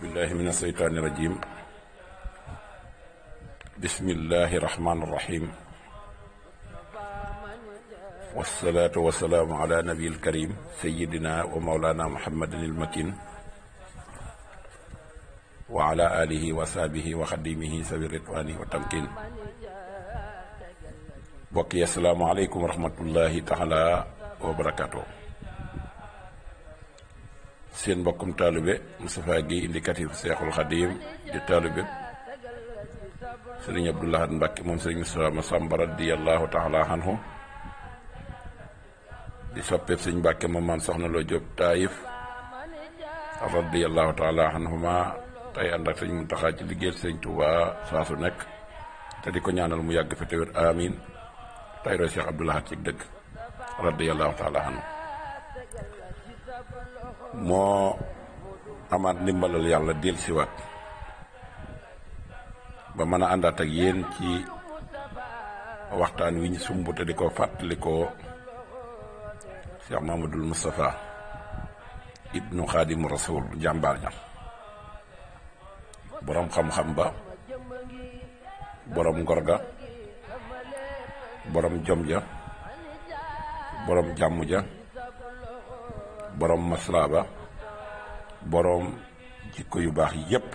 billahi min aseytaani rajim bismillahi rahmaani rahim wasalaatu wasalaamu ala nabiyil karim sayidina wa maulana muhammadin ilmakin wa ala alihi wa sahbihi wa xadimihi sawi ridwaani wa tamkin bokk yi assalaamu aleykum wa rahmatullahi taala wa barakaatu seen mbokkum taalibe Moustapha Guèye indicatif Seexul Xadiim di taalibe sëriñ Abdou Lahad Mbacke moom sëriñ Moustapha Massamba radiyallahu taala anhu di soppeeb sëriñ Mbacke moom maam soxna loo Jóob Taayif radiyallahu taala anhuma tey ànd ak sëriñ Muntaxa ci liggéeyal sëriñ Touba saa su nekk te di ko ñaanal mu yàgg fi te wér amiin tey roy Cheikh Abdou Lahad dëgg radiyallahu taala anhu moo amaat ndimbalal yàlla del siwaat ba mën a àndaat ak yéen ci waxtaan wi ñu sumb te di ko fàttalikoo ko Cheikh Mamadul Moustapha ibnu Xaadimu Rasul jàmbaar ña boroom xam-xam ba boroom ngor ga boroom jom ja boroom jàmm ja boroom ba boroom jikko yu baax yépp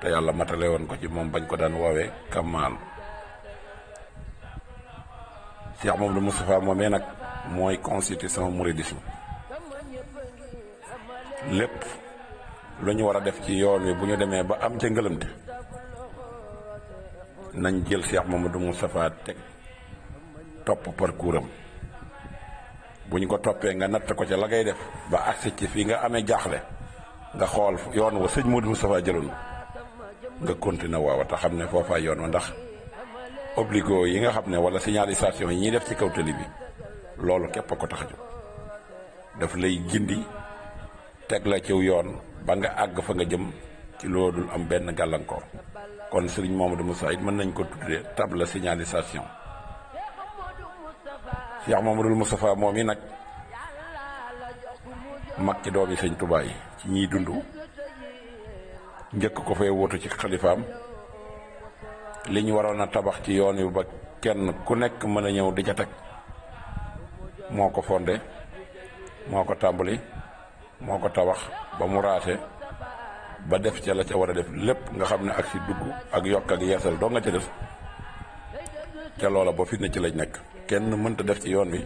te yàlla matale woon ko ci moom bañ ko daan woowee kamaal Cheikh Mamadou Moustapha moomee nag mooy constitué sama mouridisme lépp lu ñu war a def ci yoon wi bu ñu demee ba am ca ngëlëmte nañ jël Cheikh Mamadou Moustapha teg topp parcours am bu ñu ko toppee nga natt ko ca la ngay def ba agsi ci fii nga amee jaaxle nga xool yoon wa sëñ Modou Moustapha jëloon nga continuer waaw te xam ne foofaa yoon wa ndax obligo yi nga xam ne wala signalisation yi ñuy def ci kaw tali bi loolu képp a ko tax a jóg daf lay gindi teg la ciw yoon ba nga àgg fa nga jëm ci loolu dul am benn gàllankoor kon moom sëriñ Mamadou Moussa it mën nañ ko tuddee table signalisation. yaax Cheikh Mamadul Moustapha moom yi nag mag ci doom yi sëñ Tuubaa yi ci ñiy dund njëkk ko fee wutu ci xalifaam li ñu waroon a tabax ci yoon yu ba kenn ku nekk mën a ñëw di ca teg moo ko fonde moo ko tàmbali moo ko tabax ba mu raate ba def ca la ca war a def lépp nga xam ne ak si dugg ak yokk ak yeesal doo nga ca def ca loola ba fi ci lañ nekk kenn mënta def ci yoon wi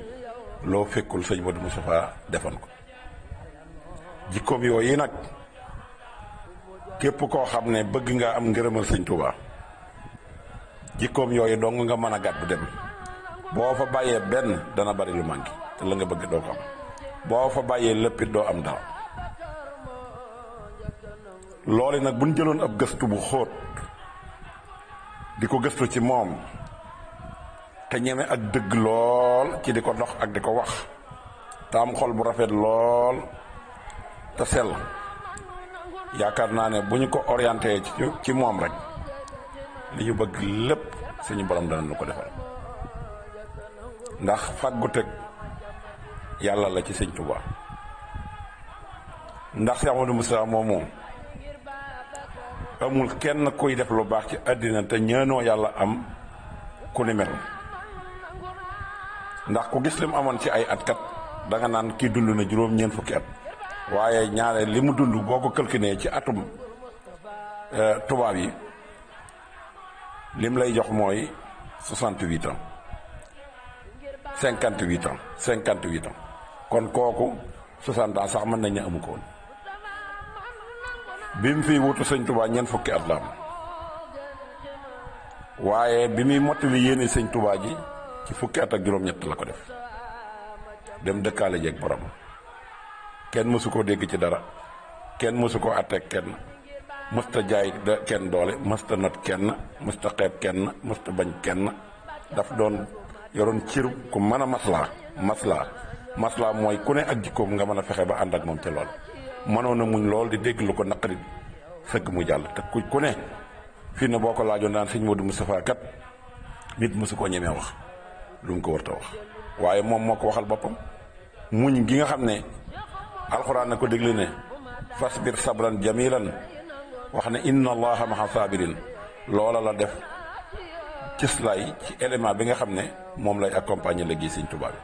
loo fekkul sëñ Modou Moustapha defoon ko jikkoom yooyu nag képp koo xam ne bëgg nga am ngërëmal sëñ Touba jikkoom yooyu dong nga mën a gàddu dem boo fa bàyyee benn dana bari lu manqué te la nga bëgg doo ko am boo fa bàyyee léppit doo am dara loolu nag bu ñu jëloon ab gëstu bu xóot di ko gëstu ci moom te ñeme ak dëgg lool ci di ko dox ak di ko wax te xol bu rafet lool te sell yaakaar naa ne bu ñu ko orienté ci moom rek li ñu bëgg lépp suñu borom dana lu ko defal ndax fàggu teg yàlla la ci sëñ Tuubaa ndax Seex Amadu Musaa moomu amul kenn kuy def lu baax ci àddina te ñaanoo yàlla am ku ndax ku gis li amoon ci ay at kat da naan kii dund na juróom ñeent fukki at waaye ñaare li mu dund boo ko calculé ci atum euh, tubaab yi lim lay jox mooy soixante huit ans cinquante huit ans cinquante kon kooku soixante ans sax mën nañ ne amu bi mu fi wutu sëñ tubaa ñeent fukki at la am waaye bi muy mottali yéene sëñ tubaa ji. ci fukki at ak juróom-ñett la ko def dem dëkkaale jeeg boroom kenn mësu koo dégg ci dara kenn mësu koo atteeg kenn mësta jaay kenn doole mësta not kenn mësta xeeb kenn mësta bañ kenn daf doon yoroon cir ku mën a maslaa maslaa maslaa mooy ku ne ak jikkoom nga mën a fexe ba ànd ak moom ca lool mënoon a muñ lool di dégg lu ko naqari sëgg mu jàll te ku ku ne fii ne boo ko laajoon daan sëñ Modou Moustapha kat nit mësu koo ñemee wax lu mu ko war wax waaye moom moo ko waxal boppam muñ gi nga xam ne alxuraan na ko déglu ne fasbir sabran jamilan wax ne inna allaha maha sabirin loola la def cislaay ci élément bi nga xam ne moom lay accompagner léegi Sëñ Tuubaa bi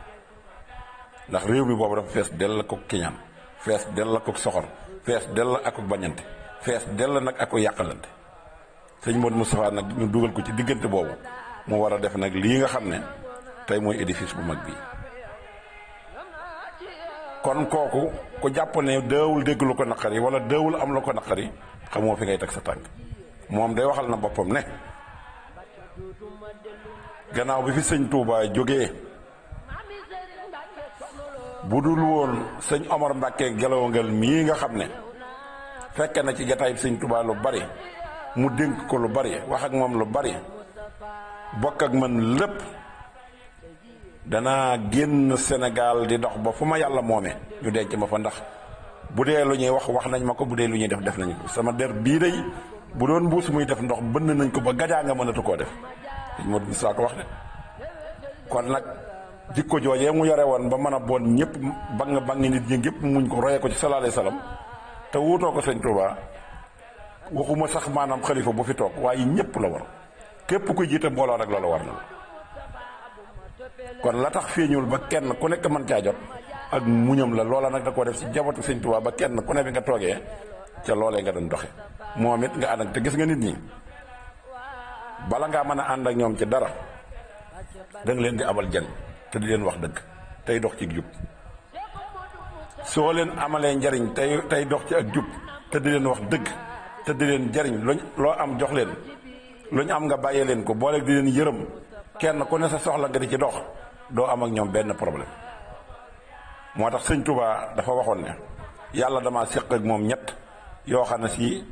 ndax réew mi boobu dafa fees dell ko kiñaan fees dell ko soxor fees dell ak ko bañante fees dell nag ak ko yàqalante sëñ Modou Moustapha nag ñu dugal ko ci diggante boobu mu war a def nag lii nga xam ne tey mooy édifice bu mag bi kon kooku ku jàpp ne deewul dégg lu ko naqari wala deewul am lu ko naqari xamoo fi ngay teg sa tànk moom day waxal na boppam ne gannaaw bi fi sëñ Touba jógee bu dul woon sëñ Omar Mbàkke gelawangal mii nga xam ne fekk na ci jataay sëñ Touba lu bari mu dénk ko lu bari wax ak moom lu bari bokk ak man lépp danaa génn senegal di dox ba fu ma yàlla moome ñu denc ma fa ndax bu dee lu ñuy wax wax nañ ma ko bu dee lu ñuy def def nañu ko sama der bii day bu doon mbuus muy def ndox bënn nañ ko ba gajaa nga mënatu koo def dañ ma saa ko wax de kon nag jikko joojee mu yore woon ba mën a bon ñëpp bang bang nit ñi ñëpp muñ ko royee ko ci sallallahu alayhi wasallam te wuutoo ko sëñ Touba waxuma sax maanaam xalifa bu fi toog waaye ñëpp la war képp kuy jiite mbooloo rek loolu war kon la tax feeñul ba kenn ku nekk mën caa jot ak muñam la loola nag da koo def si jabatu sëñ Tuubaa ba kenn ku ne bi nga toogee ca loolee nga doon doxe moom it nga ànd ak gis nga nit ñi bala ngaa mën a ànd ak ñoom ci dara da leen di abal jën te di leen wax dëgg tey dox ci jub soo leen amalee njariñ tey tey dox ci ak jub te di leen wax dëgg te di leen jariñ luñ loo am jox leen luñ am nga bàyyee leen ko boole di leen yërëm kenn ku ne sa soxla nga di ci dox doo am ak ñoom benn problème moo tax sëñ Touba dafa waxoon ne yàlla dama séq ak moom ñett yoo xam ne si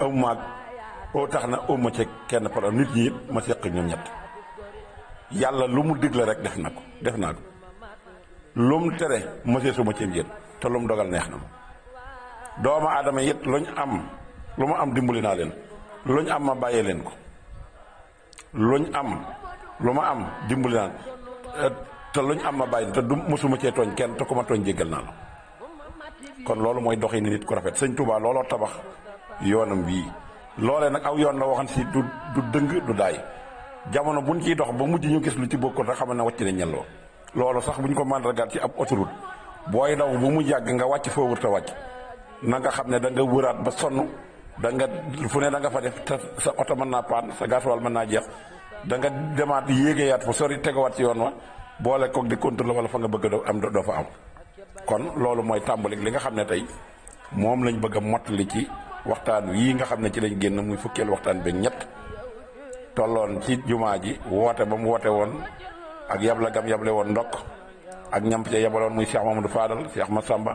ëmma ak oo tax na ëmma ci kenn problème nit ñi it ma séq ak ñoom ñett yàlla lu mu digle rek def na ko def naa ko lu mu tere mësee suma ci jën te lu dogal neex na ma doomu aadama it lu ñu am lu mu am dimbali naa leen lu am ma bàyyee leen ko lu am lu ma am dimbali naa Euh, te lu luñ am ma bàyyi te du mosuma cee tooñ kenn te ku ma tooñ jéggal naa la kon loolu mooy doxi ni nit ku rafet sañ Touba looloo tabax yoonam bii loolee nag aw yoon la waxan si du du dëng du daay jamono buñ ciy dox ba mujj ñu gis lu ci bokkul rek xam ne wàcc nañ ñelloo loolu sax buñ ko màndargaat ci ab autoroute booy daw ba mu yàgg nga wàcc foo wër te wàcc na nga xam ne da nga wëraat ba sonn da nga fu ne da nga fa def te sa oto mën naa paan sa gasoil mën naa jeex da nga demaat yéegeeyaat fa sori tegawaat ci yoon wa boole koog di contrôler wala fa nga bëgg doo am doo fa am kon loolu mooy tàmbali li nga xam ne tey moom lañ bëgg a mottali ci waxtaan yii nga xam ne ci lañ génn muy fukkeel waxtaan bi ñett tolloon ci jumaa ji woote ba mu woote woon ak yabla gam yable woon ndokk ak ñam ca yabaloon muy Cheikh Mamadou Fadal Cheikh Massamba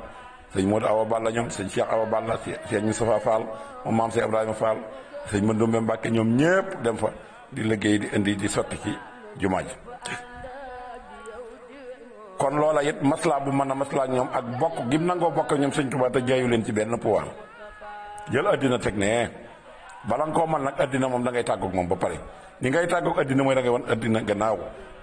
sëñ Modou Awa Balla ñoom sëñ Cheikh Awa Balla sëñ Moustapha Fall moom maam Cheikh Ibrahima Fall sëñ Mandoumbe Mbacke ñoom ñëpp dem fa di liggéey di indi di sotti ci jumaa ji kon loola it maslaa bu mën a maslaa ñoom ak bokk gim nangoo bokk ñoom sëñ Tuubaa te jaayu leen ci benn pouvoir jël addina teg ne bala nga koo mën nag addina moom da ngay tàggoog moom ba pare ni ngay tàggoog addina mooy da ngay wan addina gannaaw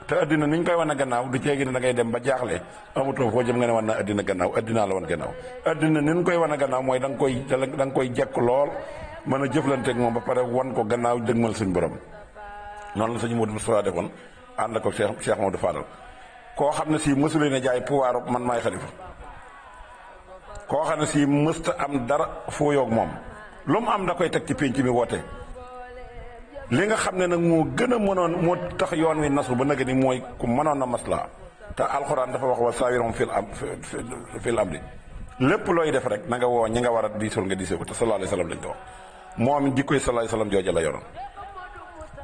te addina ni ñu koy wan a gannaaw du ceegi ne da dem ba jaaxle amatoo foo jëm nga ne wan na addina gannaaw addinaa la wan gannaaw addina ni koy wan a gannaaw mooy da nga koy da danga koy jekk lool mën a jëflanteeg moom ba pare wan ko gannaaw dëgmal suñ borom noonu la sëñ Modou Moustapha defoon ànd ko Cheikh Cheikh Modou Fadal koo xam ne sii mësulee na jaay pouvoir man maay xalifa koo xam ne sii mësta am dara foo yoog moom lu mu am da koy teg ci pénc mi woote li nga xam ne nag moo gën a mënoon moo tax yoon wi nasu ba nag ni mooy ku mënoon a maslaa te alxuraan dafa wax wa saawirhum fil am fil amri lépp looy def rek na nga woo ñi nga war a diisoo nga diisoo ko te sallallahu alayhi wa sallam lañ ko wax moom jikkoy sallallahu alayhi wa sallam jooja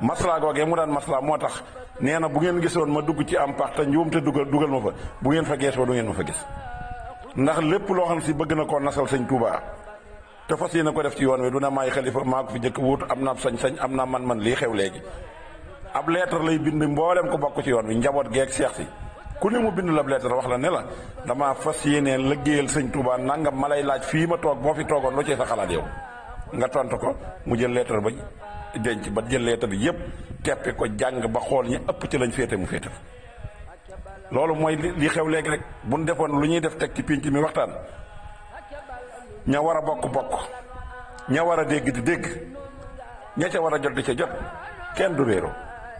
maslaa googee mu daan maslaa moo tax nee na bu ngeen gisoon ma dugg ci am pax te dugal dugal ma fa bu ngeen fa geesoo du ngeen ma fa gis ndax lépp loo xam si bëgg na koo nasal sañ tuubaa te fas yéene ko def ci yoon wi du ne maay xalifa maa ko fi njëkk wuutu am naa sañ-sañ am naa man-man lii xew léegi ab leetar lay bind mboolem ko bokk ci yoon wi njaboot geeg seex si ku ne mu bind la ab leetar wax la ne la damaa fas yéene liggéeyal sëñ Touba nangam ma lay laaj fii ma toog boo fi toogoon lu ci sa xalaat yow nga tontu ko mu jël leetar ba denc ba jël leetar yëpp teppi ko jàng ba xool ñi ëpp ci lañ féete mu féete ko loolu mooy li xew léegi rek bu ñu defoon lu ñuy def teg ci pinc mi waxtaan ña war a bokk bokk ña war a dégg di dégg ña ca war a jot di ca jot kenn du réeroo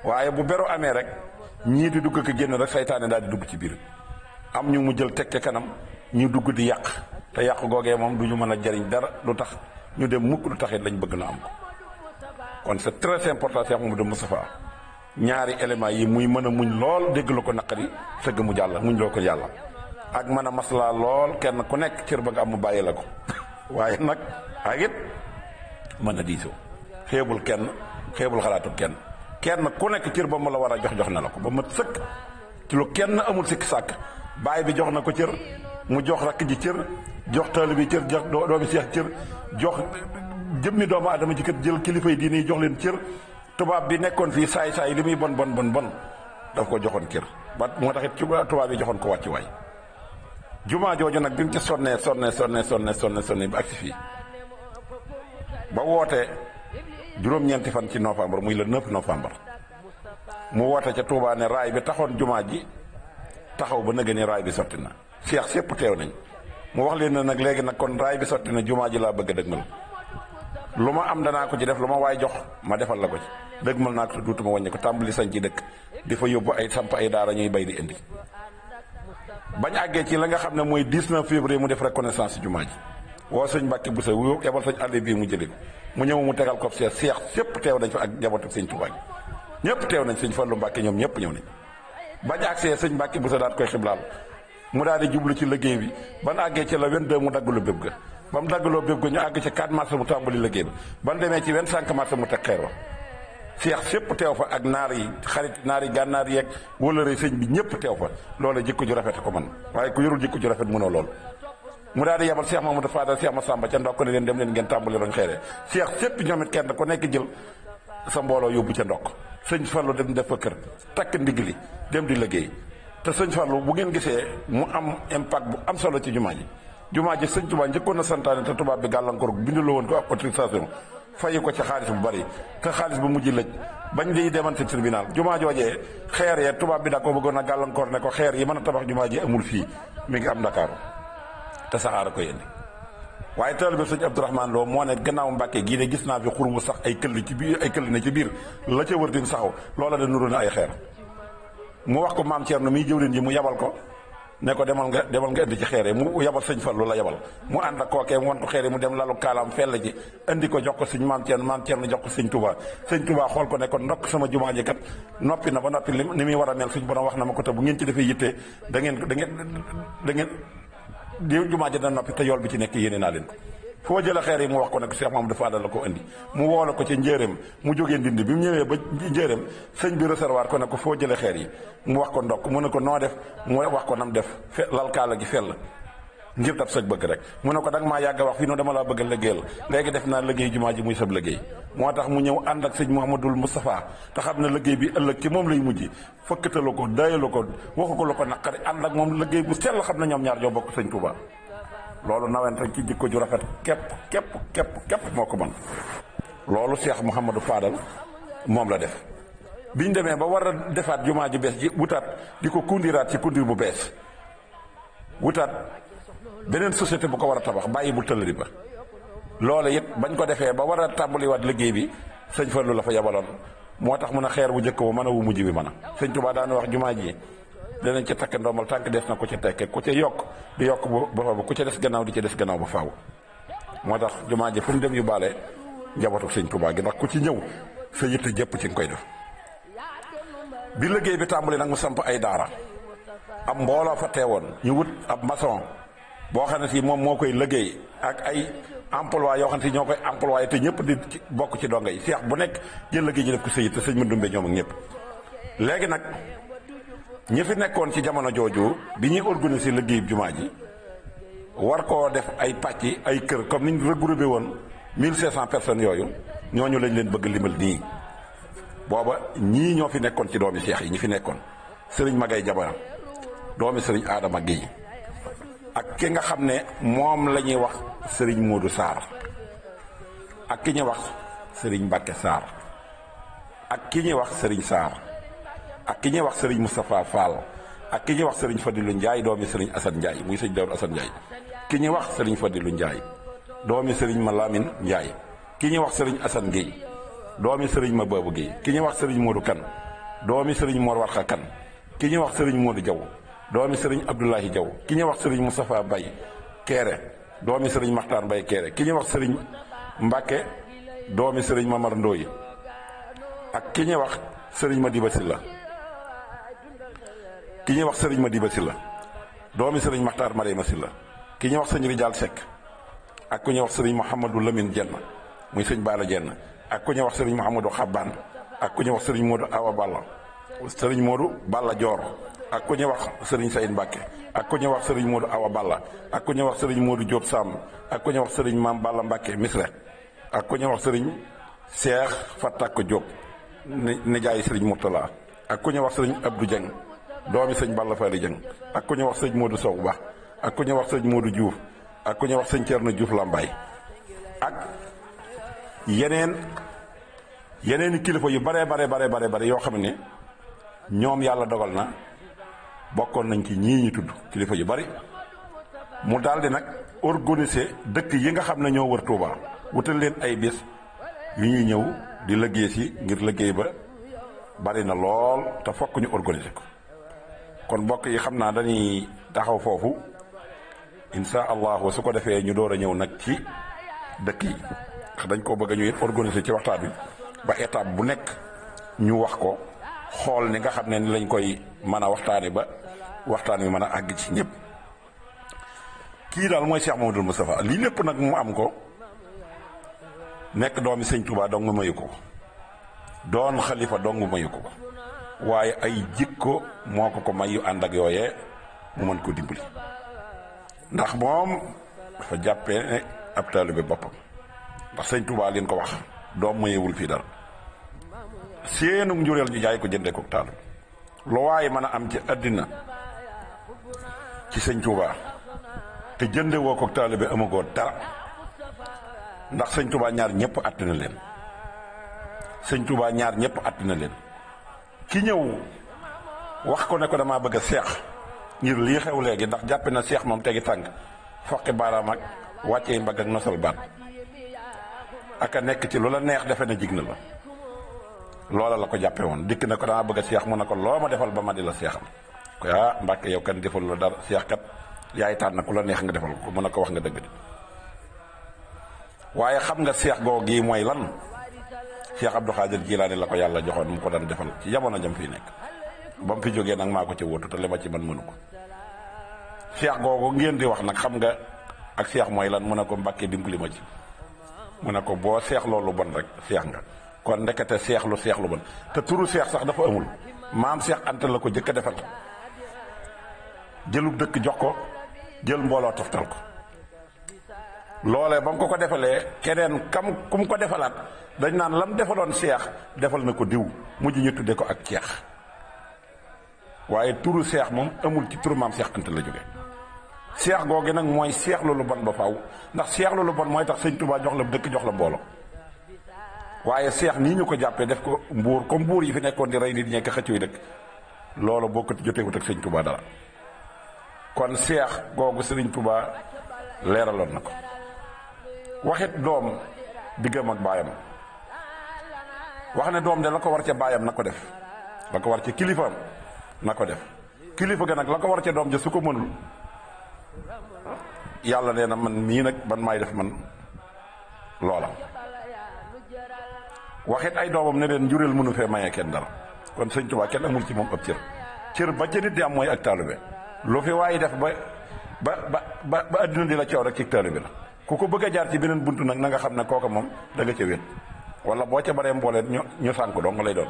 waaye bu beru amee rek ñii di dugg ko génn rek seytaane daal di dugg ci biir am ñu mu jël teg ca kanam ñu dugg di yàq te yàq googee moom du ñu mën a jariñ dara lu tax ñu dem mukk lu taxit lañ bëgg na am ko kon c'est très important Cheikh Mamadou Moustapha ñaari éléments yi muy mën a muñ lool dégg la ko naqari sëgg mu jàll muñ loo ko yàlla ak mën a maslaa lool kenn ku nekk cër ba nga am mu bàyyi la ko waaye nag ak mën a diisoo xeebul kenn xeebul xalaatu kenn kenn ku nekk cër ba mu la war a jox jox na la ko ba ma sëkk ci lu kenn amul sikk sàkk baay bi jox na ko cër mu jox rakk ji cër jox taalibe bi cër jox doomi seex cër jox jëmmi doomu aadama ji kat jël kilifa yi diine jox leen cër tubaab bi nekkoon fii saay saay li muy bon bon bon bon daf ko joxoon cër ba moo tax it tubaab yi joxoon ko wàcc waay jumaa jooju nag bi mu ci sonnee sonnee sonnee sonnee sonnee sonnee bi agsi fii ba woote juróom-ñeenti fan ci novembre muy le 9 novembre mu woote ca Touba raay bi taxoon jumaa ji taxaw ba nëgë ni raay bi sotti na seex sépp teew nañ mu wax leen ne nag léegi nag kon raay bi sotti na jumaa ji laa bëgg a dëgmal lu ma am danaa ko ci def lu ma waay jox ma defal la ko ci dëgg mën naa ko duutuma wàññi ko tàmbali sañ ci dëkk di fa yóbbu ay samp ay daara ñuy bay di indi bañ àggee ci la nga xam ne mooy 19 février mu def reconnaissance jumaa ji woo sëñ Mbàkke bu sa wuyoo yebal sañ àll mu jëlee ko mu ñëw mu tegal ko seex seex sépp teew nañ fa ak njabootu sëñ Tuubaa gi ñëpp teew nañ sëñ Fallu Mbàkke ñoom ñëpp ñëw nañ bañ àgsee sëñ Mbàkke bu sa daat koy xiblaal mu daal di jublu ci liggéey bi ban àggee ci la 22 mu dagg lu béb ga ba mu daggaloo béb ko ñu àgg ci 4 mars mu tàmbali liggéey ba ban demee ci 25 mars mu teg xeer wa seex sépp teew fa ak naar yi xarit naar yi gànnaar yeeg wëlëre sëñ bi ñëpp teew fa loola jikko ju rafet ko man waaye ku yorul jikko ju rafet mënoo lool mu daal di yebal seex Mamadou Fadal seex Masamba ca ndokk ne leen dem leen ngeen tàmbali roñ xeere seex sépp ñoom it kenn ku nekk jël sa mbooloo yóbbu ca ndokk sëñ Fallou dem def fa kër takk ndigg li dem di liggéey te sëñ Fallou bu ngeen gisee mu am impact bu am solo ci jumaa ji jumaa ji sëñ Tuubaa njëkkoon na santaane te tubaab bi gàllankoor bindaloo woon ko ak autorisation fayi ko ci xaalis bu bari te xaalis bu mujj lëj bañ di demante tribunal jumaa joojee xeer yee tubaab bi da ko bëggoon a gàllankoor ne ko xeer yi mën a tabax jumaa ji amul fii mi ngi am Ndakaaru te saxaara ko yénni waaye taal bi sëñ Abdourahmane Lo moo ne gannaaw Mbàkke gii de gis naa fi xur mu sax ay këll ci biir ay këll ne ci biir la ca wër din saxaw loola da nuru na ay xeer mu wax ko maam Thierno miy jëwlin ji mu yabal ko ne ko demal nga demal nga indi ci xeere mu yabal sëñ Fallu la yabal mu ànd ak kookee mu wantu xeere mu dem lalu kaalaam fell ji indi ko jox ko sëñ maam Thierno maam Thierno jox ko sëñ Touba sëñ Touba xool ko ne ko ndokk sama jumaa ji kat noppi na ba noppi ni muy war a mel suñ borom wax na ma ko te bu ngeen ci defee yitte da ngeen da ngeen da ngeen di jumaa ji dana noppi te yool bi ci nekk yéene naa leen foo jëlee xeer yi mu wax ko nag Cheikh Mamadou Fadal la ko indi mu woo la ko ca njéeréem mu jógee ndindi bi mu ñëwee ba njéeréem sëñ bi réservoir ko ne ko foo jëlee xeer yi mu wax ko ndokk mu ne ko noo def mu wax ko nam def fe lal kaala gi fel la ngir dab sag bëgg rek mu ne ko danga maa yàgg a wax fii noo dama laa bëgg a liggéeyal léegi def naa liggéey jumaa ji muy sab liggéey moo tax mu ñëw ànd ak sëñ Mouhamadul Moustapha te xam ne liggéey bi ëllëg ci moom lay mujj fëkkatalu ko dayalu ko waxu ko la ko naqari ànd ak moom liggéey bu sell xam ne ñoom ñaar ñoo bokk sëñ Touba loolu nawent rek ci jikko ju rafet képp képp képp képp moo ko mën loolu Cheikh Mouhamadou Fadal moom la def biñ demee ba war a defaat jumaa ji bees ji wutaat di ko kundiraat ci kundir bu bees wutaat beneen société bu ko war a tabax bàyyi bu tëllëri ba loolu it bañ ko defee ba war a tàmbaliwaat liggéey bi sëñ Fallu la fa yabaloon moo tax mun a xeer bu njëkk ba mën a wu mujj bi mën a sëñ Tuubaa daan wax jumaa ji danañ ca takk ndombal tànk des na ku ca tekke ku ca yokk di yokk ba faaw ku ca des gannaaw di ci des gannaaw ba faaw moo tax jumaa ji fu mu dem yu baale njabootu sëñ Tuubaa gi ndax ku ci ñëw sa yitte jëpp ci nga koy def bi liggéey bi tàmbali nag mu samp ay daara am mbooloo fa teewoon ñu wut ab maçon boo xam ne si moom moo koy liggéey ak ay emploi yoo xam ne si ñoo koy employé te ñëpp di bokk ci donga yi seex bu nekk jël liggéey ji def ko sa sëñ mu dumbe ñoom ñëpp léegi nag ñi fi nekkoon ci jamono jooju bi ñuy organiser liggéey jumaa ji war koo def ay pàcc ay kër comme niñ regroupé woon mille cinq cent personnes yooyu ñooñu lañ leen bëgg limal nii booba ñii ñoo fi nekkoon ci doomi seex yi ñu fi nekkoon sëriñ Magay Jabara doomi sëriñ aadama gi ak ki nga xam ne moom la ñuy wax sëriñ Modou Sarr ak ki ñu wax sëriñ Mbacke Sarr ak ki ñuy wax sëriñ Sarr ak ki ñuy wax Serigne Moustapha Fall ak ki ñuy wax Serigne Fadilou Ndiaye doomi Serigne Assane Ndiaye muy sëñ Daoud Assane Ndiaye ki ñuy wax Serigne Fadilou Ndiaye doomi Serigne Malamine Ndiaye ki ñuy wax Serigne Assane Guèye doomi Serigne Mababou Guèye ki ñuy wax Serigne Modou Kane doomi Serigne Mor Warxa Kane ki ñuy wax Serigne Modou Diaw doomi Serigne Abdoulahi Diaw ki ñuy wax Serigne Moustapha Baye Kéré doomi Serigne Makhtar Baye Kéré ki ñuy wax Serigne Mbacke doomi Serigne Mamar Ndoye ak ki ñuy wax Serigne Madiba Sylla ki ñuy wax sëriñ Madiba Sylla doomi sëriñ Maxtaar Marema Sylla kii ñuy wax sëñ Rijaal Seck ak ku ñuy wax sëriñ Mouhamadou Lamine Jenn muy sëñ Baala Jenn ak ku ñuy wax sëriñ Mouhamadou Xabbaan ak ku ñuy wax sëriñ Modou Awa Balla sëriñ Modou Balla Joor ak ku ñuy wax sëriñ Sayin Mbàkke ak ku ñuy wax sëriñ Modou Awa Balla ak ku ñuy wax sëriñ Modou jóob Samb ak ku ñuy wax sëriñ Maam Balla Mbàkke Misre ak ku ñuy wax sëriñ Seex Fatak Diop nijaay sëriñ Mourtala ak ku ñuy wax sëriñ Abdou Dieng doomi sëñ Balla Fally Dieng ak ku ñu wax sëñ Modou Sow Ba ak ku ñu wax sëñ Modou Diouf ak ku ñu wax sëñ Thierno Diouf Lambaye ak yeneen yeneeni kilifa yu bare bare bare bare bare yoo xam ne ñoom yàlla dogal na bokkoon nañ ci ñii ñu tudd kilifa yu bari mu daldi nag organiser dëkk yi nga xam ne ñoo wër Touba wutal leen ay bis yu ñuy ñëw di liggéey si ngir liggéey ba bari na lool te fokk ñu organiser ko kon mbokk yi xam naa dañuy taxaw foofu insha su ko defee ñu door a ñëw nag ci dëkk yi dañ koo bëgg a ñuy organiser ci waxtaan bi ba étape bu nekk ñu wax ko xool ni nga xam ne ni lañ koy mën a waxtaane ba waxtaan wi mën a àgg ci ñépp kii daal mooy Cheikh Mamadou Moustapha lii lépp nag mu am ko nekk doomi sëñ Touba dong mayu ko doon xalifa dong mayu ko waaye ay jikko moo ko ko may yu ànd ak yooyee mu mën ko dimbali ndax moom dafa jàppee ne ab bi boppam ndax sëñ Touba leen ko wax doom mayewul fii dara seenu njureel ñu jaay ko jëndee ko taal lu waaye mën a am ci àddina ci sëñ Touba te jënde woo ko taalibe amagoo dara ndax sëñ Touba ñaar ñëpp àtt leen sëñ Touba ñaar ñëpp àtt leen ki ñëw wax ko ne ko damaa bëgg a seex ngir lii xew léegi ndax jàpp na seex moom tegi tànk foqi baaraam ak wàccee mbagg ak nosal baat ak a nekk ci lu la neex defe na jig na la loola la ko jàppe woon dikk na ko damaa bëgg a seex mu ne ko loo ma defal ba ma di la seexal ko ah mbàkke yow kan defal la dara seex kat yaay na ku la neex nga defal ko mu a ko wax nga dëgg de waaye xam nga seex googu gi mooy lan Cheikh Abdou Khadir Jilaani la ko yàlla joxoon mu ko daan defal ci jamono jam fii nekk ba mu fi jógee nag maa ko ci wóotu te li ma ci man mënu ko Cheikh googu ngeen di wax nag xam nga ak Cheikh mooy lan mu ne ko mbàkkee dimbali ma ci mu ne ko boo seexloo lu bon rek Cheikh nga kon ndekete seexlu seex lu bon te turu Cheikh sax dafa amul maam Cheikh Anta la ko jëkk defal jëlu dëkk jox ko jël mbooloo toftal ko loole ba mu ko ko defalee keneen kam ku mu ko defalaat dañ naan lam defaloon seex defal na ko diw mujj ñu tudde ko ak ceex waaye turu seex moom amul ci turu maam seex anta la jóge seex googu nag mooy seex loolu bon ba faw ndax seex loolu bon mooy tax sëñ tubaa jox la dëkk jox la mbooloo waaye seex nii ñu ko jàppee def ko mbuur comme mbuur yi fi nekkoon di rey di nit ñekk xëccooy dëkk loolu boo ko jotewut ak sëñ Tuubaa dara kon seex googu sëriñ Tuubaa leeraloon na ko waxit doom diggam ak baayam wax ne doom de la ko war cee baayam na ko def la ko war ca kilifaam na ko def kilifa ga nag la ko war cee doom ja su ko mënul yàlla nee na man mii nag ban may def man loola waxit ay doomam ne leen njureel mënu fee mayee kenn dara kon sëñ Tuubaa kenn amul ci moom ab cër cër ba ca di am mooy ak taalibe lu fi waay def ba ba ba ba adduna di la coow rek ci taalibe la ku ko bëgg a jaar ci beneen bunt nag na nga xam ne kooka moom da nga ca wét wala boo ca baree mbooleet ñu ñu sànk dong lay doon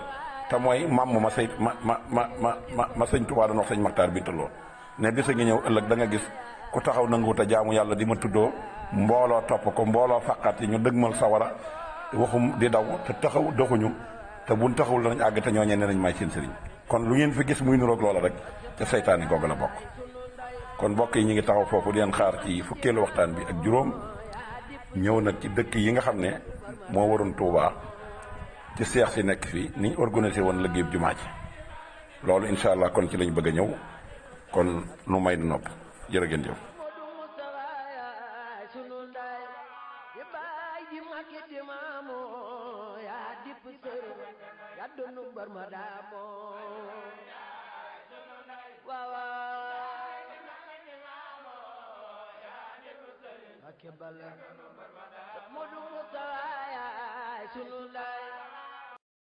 te mooy maam ma sey ma ma ma ma ma ma sëñ Tuubaa doon wax sëñ Maxtaar Bintaloo ne bisa ngi ñëw ëllëg danga gis ku taxaw nanguwut a jaamu yàlla di ma tuddoo mbooloo topp ko mbooloo fàqat yi ñu dëgmal sawara waxum di daw te taxaw doxuñu te buñ taxawul danañ àgg te ñoo ñee ne nañ may seen sëriñ kon lu ngeen fi gis muy niroog loola rek ca seytaane googu la bokk kon mbokk yi ñu ngi taxaw foofu di leen xaar ci fukkeelu waxtaan bi ak juróom ñëw nag ci dëkk yi nga xam ne moo waroon Touba ci seex si nekk fii ni ñu organisé woon liggéeyub jumaa ci loolu incha allah kon ci lañ bëgg a ñëw kon nu may du nopp jërë ngeen jëf